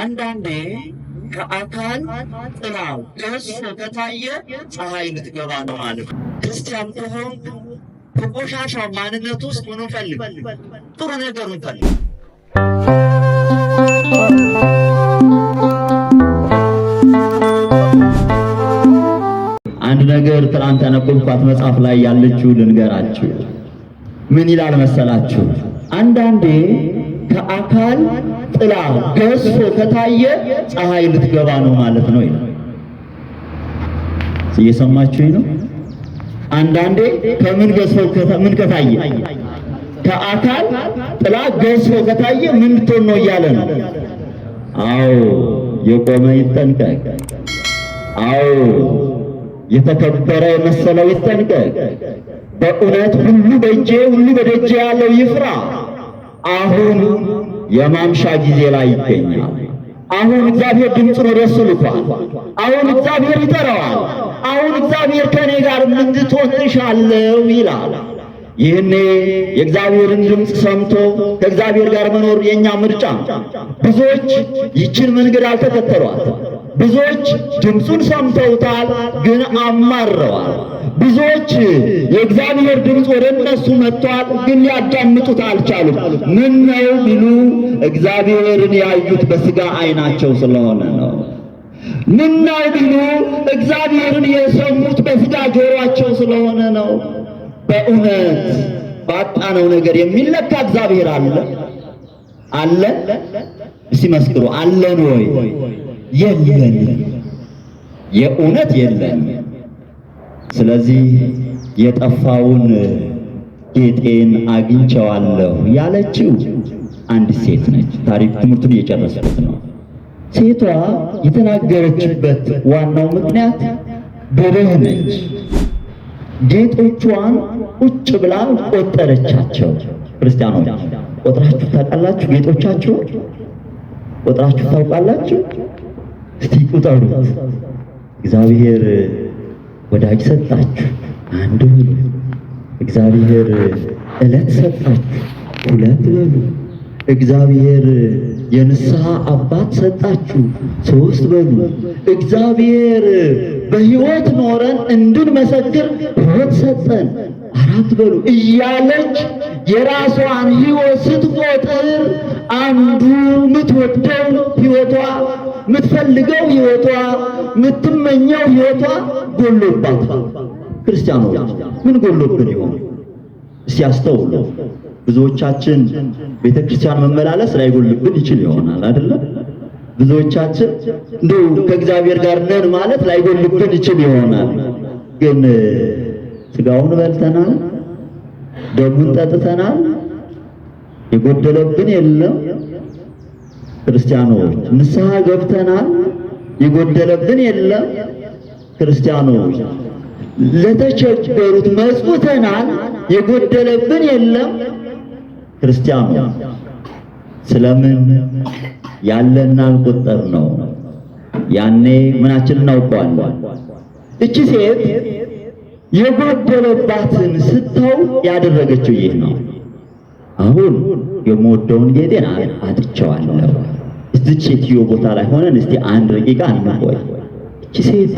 አንዳንዴ ከአካል ጥላው ደስ ከታየ ፀሐይ ልትገባ ነው አለ። ክርስቲያን ከሆን ከቆሻሻ ማንነት ውስጥ ሆኖ ፈልግ፣ ጥሩ ነገር ፈልግ። አንድ ነገር ትናንት ያነበብኳት መጽሐፍ ላይ ያለችው ልንገራችሁ። ምን ይላል መሰላችሁ? አንዳንዴ ከአካል ጥላ ገዝፎ ከታየ ፀሐይ ልትገባ ነው ማለት ነው ይላል። እየሰማችሁ ነው። አንዳንዴ ከምን ገዝፎ ምን ከታየ ከአካል ጥላ ገዝፎ ከታየ ምን ልትሆን ነው እያለ ነው። አዎ የቆመ ይጠንቀቅ። አዎ የተከበረ የመሰለው ይጠንቀቅ። በእውነት ሁሉ በእጄ ሁሉ በደጄ ያለው ይፍራ አሁን የማምሻ ጊዜ ላይ ይገኛል። አሁን እግዚአብሔር ድምፁን ወደ እሱ ልኳል። አሁን እግዚአብሔር ይጠራዋል። አሁን እግዚአብሔር ከእኔ ጋር እንድትሆን ይላል። ይህኔ የእግዚአብሔርን ድምፅ ሰምቶ ከእግዚአብሔር ጋር መኖር የእኛ ምርጫ። ብዙዎች ይችን መንገድ አልተከተሏት። ብዙዎች ድምፁን ሰምተውታል፣ ግን አማረዋል። ብዙዎች የእግዚአብሔር ድምፅ ወደ እነሱ መጥቷል፣ ግን ሊያዳምጡት አልቻሉም። ምን ነው ቢሉ እግዚአብሔርን ያዩት በስጋ አይናቸው ስለሆነ ነው። ምን ነው ቢሉ እግዚአብሔርን የሰሙት በስጋ ጆሯቸው ስለሆነ ነው። በእውነት ባጣነው ነገር የሚለካ እግዚአብሔር አለ አለ። እስቲ መስክሩ። አለን ወይ? የለን። የእውነት የለን። ስለዚህ የጠፋውን ጌጤን አግኝቸዋለሁ ያለችው አንዲት ሴት ነች። ታሪክ ትምህርቱን እየጨረሰበት ነው። ሴቷ የተናገረችበት ዋናው ምክንያት ብርህ ነች። ጌጦቿን ቁጭ ብላ ቆጠረቻቸው። ክርስቲያኖች ቆጥራችሁ ታውቃላችሁ? ጌጦቻችሁ ቆጥራችሁ ታውቃላችሁ? እስቲ ቁጠሩት። እግዚአብሔር ወዳጅ ሰጣችሁ አንድ ሁሉ እግዚአብሔር ዕለት ሰጣችሁ ሁለት በሉ። እግዚአብሔር የንስሐ አባት ሰጣችሁ ሶስት በሉ። እግዚአብሔር በሕይወት ኖረን እንድንመሰክር ሕይወት ሰጠን አራት በሉ እያለች የራሷን ሕይወት ስትቆጥር አንዱ የምትወደው ሕይወቷ የምትፈልገው ህይወቷ፣ የምትመኘው ህይወቷ ጎሎባት። ክርስቲያኖች ምን ጎሎብን ይሆን እስቲ አስተውሉ። ብዙዎቻችን ቤተክርስቲያን መመላለስ ላይጎልብን ይችል ይሆናል አይደለም? ብዙዎቻችን እንደው ከእግዚአብሔር ጋር ነን ማለት ላይጎልብን ይችል ይሆናል። ግን ስጋውን በልተናል፣ ደሙን ጠጥተናል፣ የጎደለብን የለም። ክርስቲያኖች ንስሐ ገብተናል፣ የጎደለብን የለም። ክርስቲያኖች ለተቸገሩት መጽውተናል፣ የጎደለብን የለም። ክርስቲያኖች ስለምን ያለና ቁጥር ነው። ያኔ ምናችን እናውቀዋለን። እቺ ሴት የጎደለባትን ስታው ያደረገችው ይህ ነው። አሁን የምወደውን ጌጤን አጥቼዋለሁ። እዚች ሴትዮ ቦታ ላይ ሆነን እስቲ አንድ ደቂቃ እንቆይ። እቺ ሴት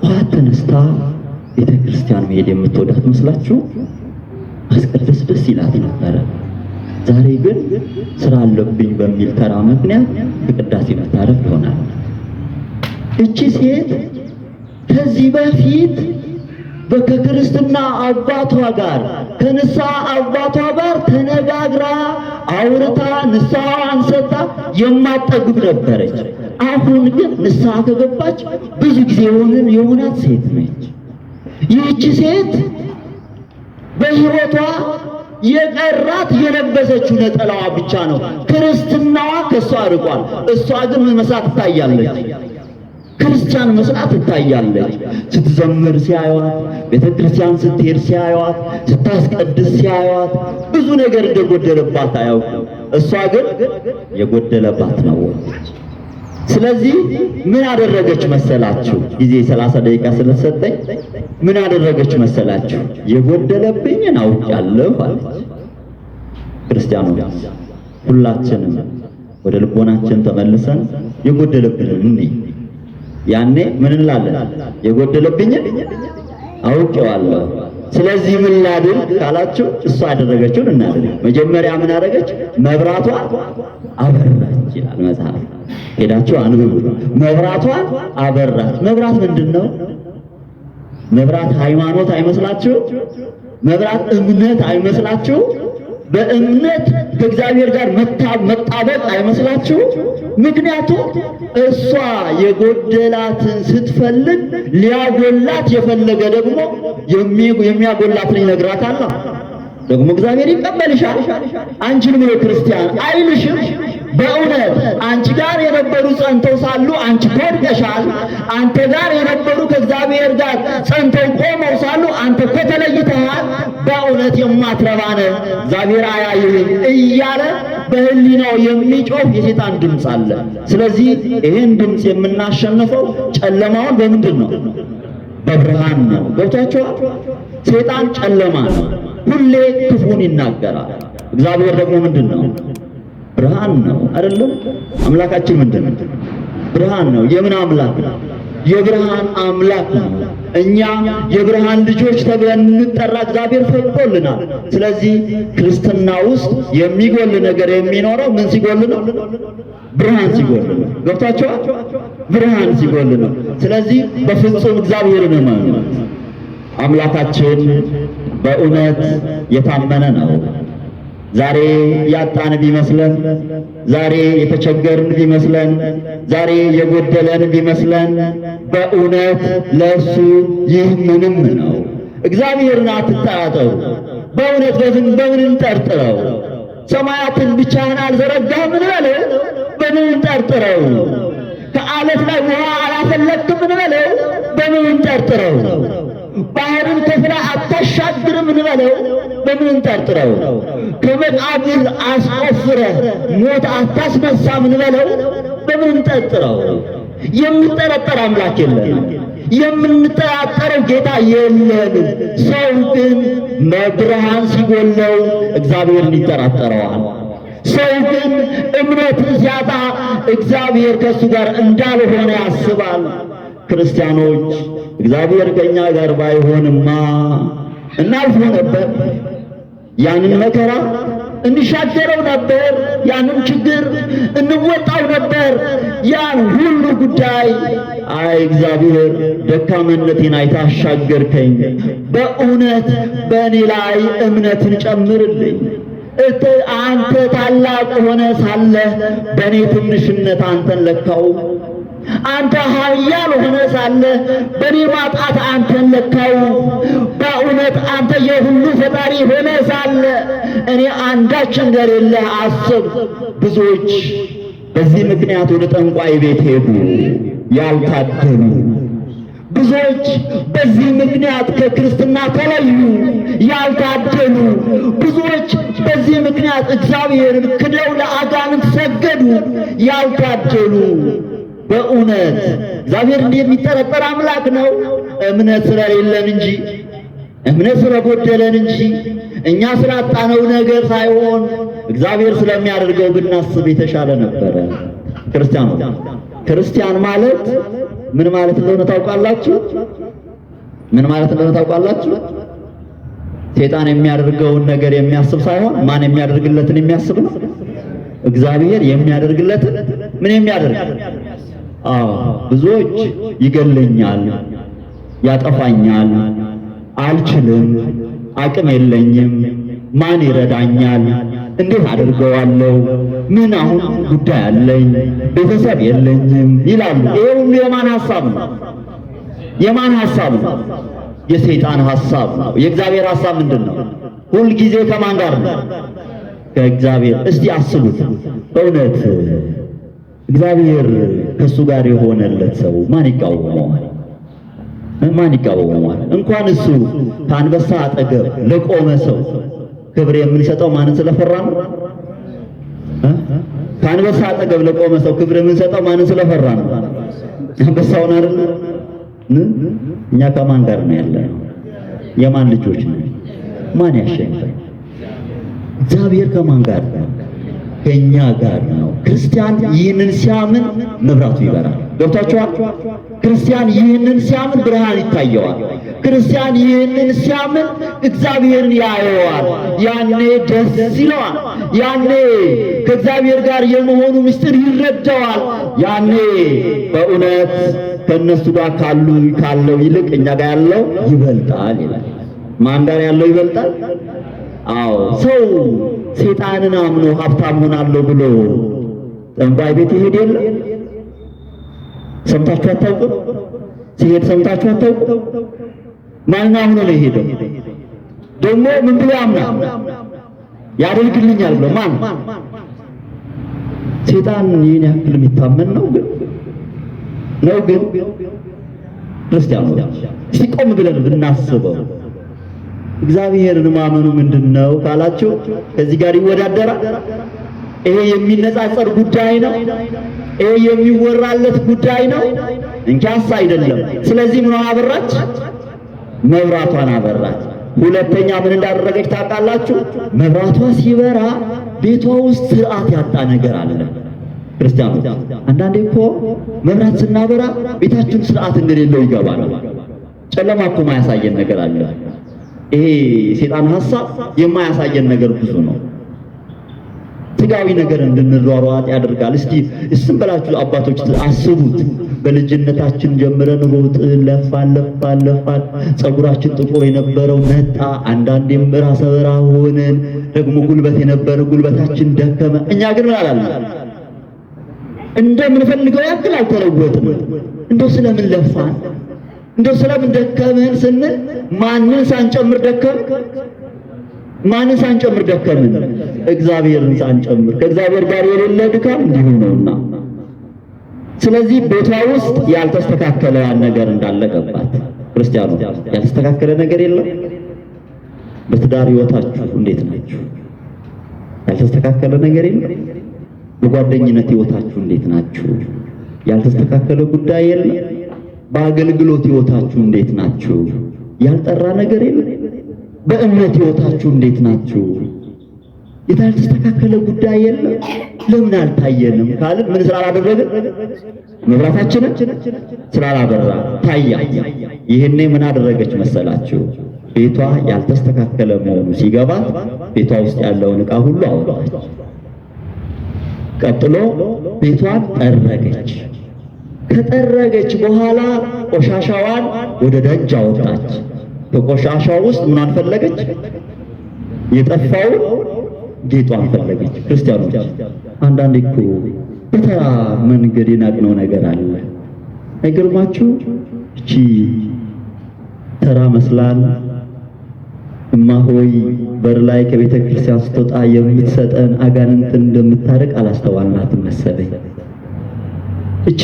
ጠዋት ተነስታ ቤተ ክርስቲያን መሄድ የምትወዳት መስላችሁ ማስቀደስ ደስ ይላት ነበረ። ዛሬ ግን ስራ አለብኝ በሚል ተራ ምክንያት በቅዳሴ መታረፍ ይሆናል። እቺ ሴት ከዚህ በፊት ከክርስትና አባቷ ጋር ከንስሐ አባቷ ጋር ተነጋግራ አውርታ ንስሐዋን አንሰታ የማጠግብ ነበረች። አሁን ግን ንስሐ ከገባች ብዙ ጊዜ የሆነን የሆናት ሴት ነች። ይህች ሴት በሕይወቷ የቀራት የለበሰችው ነጠላዋ ብቻ ነው። ክርስትናዋ ከእሷ አርቋል። እሷ ግን ምን መስራት ትታያለች? ክርስቲያን መስላ ትታያለች። ስትዘምር ሲያዩዋት፣ ቤተ ክርስቲያን ስትሄድ ሲያዩዋት፣ ስታስቀድስ ሲያዩዋት ብዙ ነገር እንደጎደለባት አያውቁ። እሷ ግን የጎደለባት ነው። ስለዚህ ምን አደረገች መሰላችሁ? ጊዜ ሰላሳ ደቂቃ ስለሰጠኝ ምን አደረገች መሰላችሁ? የጎደለብኝን አውቃለሁ አለች። ክርስቲያኖች ሁላችንም ወደ ልቦናችን ተመልሰን የጎደለብንን እንይ። ያኔ ምን እንላለን? የጎደለብኝ አውቄዋለሁ። ስለዚህ ምን ላድርግ ካላችሁ እሷ ያደረገችውን እናድርግ። መጀመሪያ ምን አደረገች? መብራቷ አበራች ይላል መጽሐፍ። ሄዳችሁ አንብቡ። መብራቷ አበራች። መብራት ምንድን ነው? መብራት ሃይማኖት አይመስላችሁ? መብራት እምነት አይመስላችሁ? በእምነት ከእግዚአብሔር ጋር መጣበቅ አይመስላችሁ? ምክንያቱም እሷ የጎደላትን ስትፈልግ ሊያጎላት የፈለገ ደግሞ የሚያጎላትን ይነግራታል። ደግሞ እግዚአብሔር ይቀበልሻል፣ አንቺንም የክርስቲያን አይልሽም። በእውነት አንቺ ጋር የነበሩ ጸንተው ሳሉ አንቺ ተወድቀሻል። አንተ ጋር የነበሩ ከእግዚአብሔር ጋር ጸንተው ቆመው ሳሉ አንተ እኮ በእውነት የማትረባ ነህ፣ እግዚአብሔር አያይህም እያለ በህሊናው የሚጮህ የሴጣን ድምፅ አለ። ስለዚህ ይህን ድምፅ የምናሸንፈው ጨለማውን በምንድን ነው? በብርሃን ነው። ገብታችኋል? ሴጣን ጨለማ ነው፣ ሁሌ ክፉን ይናገራል። እግዚአብሔር ደግሞ ምንድን ነው ብርሃን ነው አይደለም? አምላካችን ምንድን ነው? ብርሃን ነው። የምን አምላክ ነው? የብርሃን አምላክ ነው። እኛ የብርሃን ልጆች ተብለን እንጠራ እግዚአብሔር ፈቅዶልናል። ስለዚህ ክርስትና ውስጥ የሚጎል ነገር የሚኖረው ምን ሲጎል ነው? ብርሃን ሲጎል ነው። ገብቷቸዋል? ብርሃን ሲጎል ነው። ስለዚህ በፍጹም እግዚአብሔርን እመኑ። አምላካችን በእውነት የታመነ ነው። ዛሬ ያጣን ቢመስለን፣ ዛሬ የተቸገርን ቢመስለን፣ ዛሬ የጎደለን ቢመስለን፣ በእውነት ለእሱ ይህ ምንም ነው። እግዚአብሔርን አትታጠው። በእውነት በዝም በምን እንጠርጥረው? ሰማያትን ብቻህን አልዘረጋህምን በለው። በምን እንጠርጥረው? ከአለት ላይ ውሃ አላፈለክምን በለው። በምን እንጠርጥረው? ባህርን ከፍላ አታሻግርም ልበለው። በምን እንጠርጥረው? ከመቃብር አስቆፍረ ሞት አታስነሳም ልበለው። በምን እንጠርጥረው? የምንጠረጠር አምላክ የለም የምንጠራጠረው ጌታ የለም ሰው ግን መብርሃን ሲጎለው እግዚአብሔርን ይጠራጠረዋል። ሰው ግን እምነትን ሲያጣ እግዚአብሔር ከእሱ ጋር እንዳልሆነ ያስባል። ክርስቲያኖች እግዚአብሔር ከኛ ጋር ባይሆንማ እናልፎ ነበር። ያንን መከራ እንሻገረው ነበር። ያንን ችግር እንወጣው ነበር። ያን ሁሉ ጉዳይ አይ እግዚአብሔር ደካመነቴን አይተህ አሻገርከኝ። በእውነት በእኔ ላይ እምነትን ጨምርልኝ። አንተ ታላቅ ሆነ ሳለህ በእኔ ትንሽነት አንተን ለካው አንተ ኃያል ሆነ ሳለ በኔ ማጣት አንተን ለካው። በእውነት አንተ የሁሉ ፈጣሪ ሆነ ሳለ እኔ አንዳች እንደሌለህ አስብ። ብዙዎች በዚህ ምክንያት ወደ ጠንቋይ ቤት ሄዱ ያልታደሉ። ብዙዎች በዚህ ምክንያት ከክርስትና ተለዩ ያልታደሉ። ብዙዎች በዚህ ምክንያት እግዚአብሔርን ክደው ለአጋንንት ሰገዱ ያልታደሉ። በእውነት እግዚአብሔር እንዲህ የሚጠረጠር አምላክ ነው። እምነት ስለሌለን እንጂ እምነት ስለጎደለን እንጂ እኛ ስላጣነው ነገር ሳይሆን እግዚአብሔር ስለሚያደርገው ብናስብ የተሻለ ነበረ። ክርስቲያን ክርስቲያን ማለት ምን ማለት እንደሆነ ታውቃላችሁ? ምን ማለት እንደሆነ ታውቃላችሁ? ሴጣን የሚያደርገውን ነገር የሚያስብ ሳይሆን ማን የሚያደርግለትን የሚያስብ ነው። እግዚአብሔር የሚያደርግለትን ምን የሚያደርግ ብዙዎች ይገለኛል፣ ያጠፋኛል፣ አልችልም፣ አቅም የለኝም፣ ማን ይረዳኛል፣ እንዴት አድርገዋለሁ፣ ምን አሁን ጉዳይ አለኝ፣ ቤተሰብ የለኝም ይላሉ። ይሄውም የማን ሐሳብ ነው? የማን ሐሳብ ነው? የሰይጣን ሐሳብ ነው። የእግዚአብሔር ሐሳብ ምንድን ነው? ጊዜ ከማን ጋር ነው? ከእግዚአብሔር። እስቲ አስቡት እውነት እግዚአብሔር ከሱ ጋር የሆነለት ሰው ማን ይቃወመዋል? ማን ይቃወመዋል? እንኳን እሱ ከአንበሳ አጠገብ ለቆመ ሰው ክብር የምንሰጠው ማንን ስለፈራ ነው? ከአንበሳ አጠገብ ለቆመ ሰው ክብር የምንሰጠው ማንን ስለፈራ ነው? አንበሳውን አይደል? እኛ ከማን ጋር ነው ያለነው? የማን ልጆች ነው? ማን ያሸንፋል? እግዚአብሔር ከማን ጋር ነው ከኛ ጋር ነው። ክርስቲያን ይህንን ሲያምን መብራቱ ይበራል። ገብታችኋል? ክርስቲያን ይህንን ሲያምን ብርሃን ይታየዋል። ክርስቲያን ይህንን ሲያምን እግዚአብሔርን ያየዋል። ያኔ ደስ ይለዋል። ያኔ ከእግዚአብሔር ጋር የመሆኑ ምስጢር ይረዳዋል። ያኔ በእውነት ከእነሱ ጋር ካሉ ካለው ይልቅ እኛ ጋር ያለው ይበልጣል ይላል። ማን ጋር ያለው ይበልጣል? አዎ ሰው ሴጣንን አምኖ ሀብታም ሆናለሁ ብሎ ጠንቋይ ቤት ይሄድ የለ ሰምታችሁ አታውቁም? ሲሄድ ሰምታችሁ አታውቁም? ማን አምኖ ነው የሄደው? ደግሞ ምን ብሎ አምናል? ያደርግልኛል ብሎ ማን? ሴጣን ይህን ያክል የሚታመን ነው ግን ነው ግን ክርስቲያኑ ሲቆም ብለን ብናስበው እግዚአብሔርን ማመኑ ምንድን ነው ካላችሁ ከዚህ ጋር ይወዳደራል? ይሄ የሚነጻጸር ጉዳይ ነው? ይሄ የሚወራለት ጉዳይ ነው? እንኪያስ አይደለም። ስለዚህ ምን አበራች? መብራቷን አበራች። ሁለተኛ ምን እንዳደረገች ታውቃላችሁ? መብራቷ ሲበራ ቤቷ ውስጥ ስርዓት ያጣ ነገር አለ። ክርስቲያኖች፣ አንዳንዴ እኮ መብራት ስናበራ ቤታችን ስርዓት እንደሌለው ይገባል። ጨለማ እኮ ማያሳየን ነገር አለ። ይሄ ሴጣን ሐሳብ የማያሳየን ነገር ብዙ ነው። ስጋዊ ነገር እንድንሯሯጥ ያደርጋል። እስቲ እስም በላችሁ አባቶች አስቡት። በልጅነታችን ጀምረን ሮጥን፣ ለፋን ለፋን ለፋን፣ ጸጉራችን ጥቁር የነበረው መጣ። አንዳንዴም ራሰ በራ ሆንን። ደግሞ ጉልበት የነበረ ጉልበታችን ደከመ። እኛ ግን ምን አላልን? እንደምንፈልገው ያክል አልተለወጥንም። እንደው ስለምን ለፋን እንደ ስለምን ደከምን ስንል ማንን ሳንጨምር ደከም ማንን ሳንጨምር ደከምን? እግዚአብሔርን ሳንጨምር። ከእግዚአብሔር ጋር የሌለ ድካም እንዲሁ ነውና ስለዚህ ቤቷ ውስጥ ያልተስተካከለ ያን ነገር እንዳለቀባት ክርስቲያኑ ያልተስተካከለ ነገር የለም። በትዳር ህይወታችሁ እንዴት ናችሁ? ያልተስተካከለ ነገር የለም። በጓደኝነት ህይወታችሁ እንዴት ናችሁ? ያልተስተካከለ ጉዳይ የለም። በአገልግሎት ህይወታችሁ እንዴት ናችሁ? ያልጠራ ነገር የለም። በእምነት ህይወታችሁ እንዴት ናችሁ? ያልተስተካከለ ጉዳይ የለም። ለምን አልታየንም ካለ ምን ስላላደረግን መብራታችንን ስላላበራ ታያ። ይህኔ ምን አደረገች መሰላችሁ? ቤቷ ያልተስተካከለ መሆኑ ሲገባት ቤቷ ውስጥ ያለውን እቃ ሁሉ አወጣች። ቀጥሎ ቤቷን ጠረገች። ከጠረገች በኋላ ቆሻሻዋን ወደ ደጅ አወጣች። በቆሻሻው ውስጥ ምኗን ፈለገች? የጠፋውን ጌጧን ፈለገች። ክርስቲያኖች አንዳንዴ እኮ በተራ መንገድ የናቅነው ነገር አለ። አይገርማችሁ? እቺ ተራ መስላን እማሆይ በር ላይ ከቤተ ክርስቲያን ስትወጣ የምትሰጠን አጋንንት እንደምታርቅ አላስተዋልናትም መሰለኝ። እቺ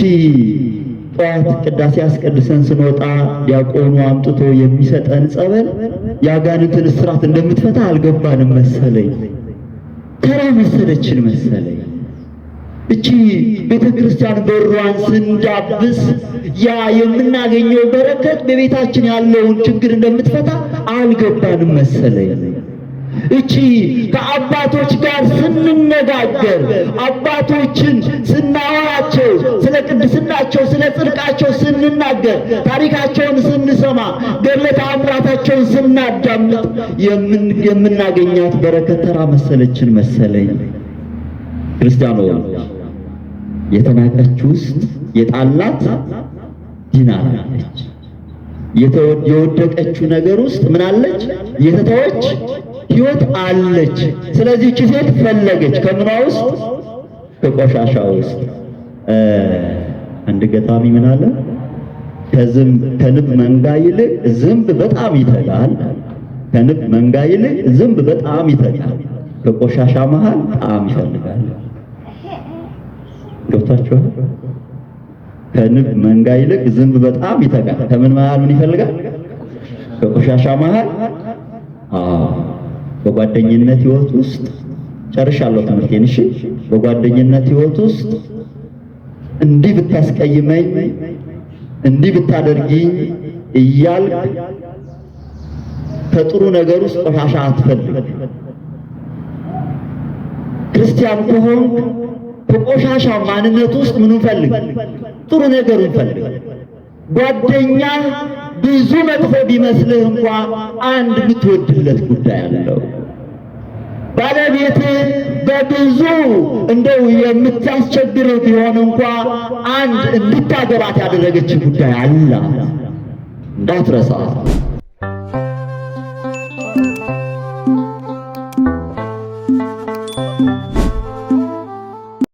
ጠዋት ቅዳሴ አስቀድሰን ስንወጣ ዲያቆኑ አምጥቶ የሚሰጠን ጸበል የአጋንንትን እስራት እንደምትፈታ አልገባንም መሰለኝ። ተራ መሰለችን መሰለኝ። እቺ ቤተ ክርስቲያን በሯን ስንዳብስ ያ የምናገኘው በረከት በቤታችን ያለውን ችግር እንደምትፈታ አልገባንም መሰለኝ። እቺ ከአባቶች ጋር ስንነጋገር አባቶችን ስናወራቸው ስለ ቅድስናቸው ስለ ጽድቃቸው ስንናገር ታሪካቸውን ስንሰማ ገድለ ተአምራታቸውን ስናዳምጥ የምናገኛት በረከት ተራ መሰለችን መሰለኝ። ክርስቲያኖ የተናቀች ውስጥ የጣላት ዲና አለች። የወደቀችው ነገር ውስጥ ምን አለች? የተተወች ህይወት አለች። ስለዚህ እቺ ሴት ፈለገች። ከምኗ ውስጥ? ከቆሻሻ ውስጥ። አንድ ገጣሚ ምን አለ? ከንብ መንጋ ይልቅ ዝንብ በጣም ይተጋል። ከንብ መንጋ ይልቅ ዝንብ በጣም ይተጋል። ከቆሻሻ መሃል ጣዕም ይፈልጋል። ገብታችኋል? ከንብ መንጋ ይልቅ ዝንብ በጣም ይተጋል። ከምን መሃል ምን ይፈልጋል? ከቆሻሻ መሃል። አዎ በጓደኝነት ህይወት ውስጥ ጨርሻለሁ ትምህርቴን። እሺ፣ በጓደኝነት ህይወት ውስጥ እንዲህ ብታስቀይመኝ፣ እንዲህ ብታደርጊኝ እያልክ ከጥሩ ነገር ውስጥ ቆሻሻ አትፈልግ። ክርስቲያን ከሆንክ ከቆሻሻ ማንነት ውስጥ ምኑን ፈልግ? ጥሩ ነገሩን ፈልግ። ጓደኛ ብዙ መጥፎ ቢመስልህ እንኳ አንድ የምትወድለት ጉዳይ አለው። ባለቤትህ በብዙ እንደው የምታስቸግርህ ቢሆን እንኳ አንድ እንድታገባት ያደረገች ጉዳይ አለ። እንዳትረሳ።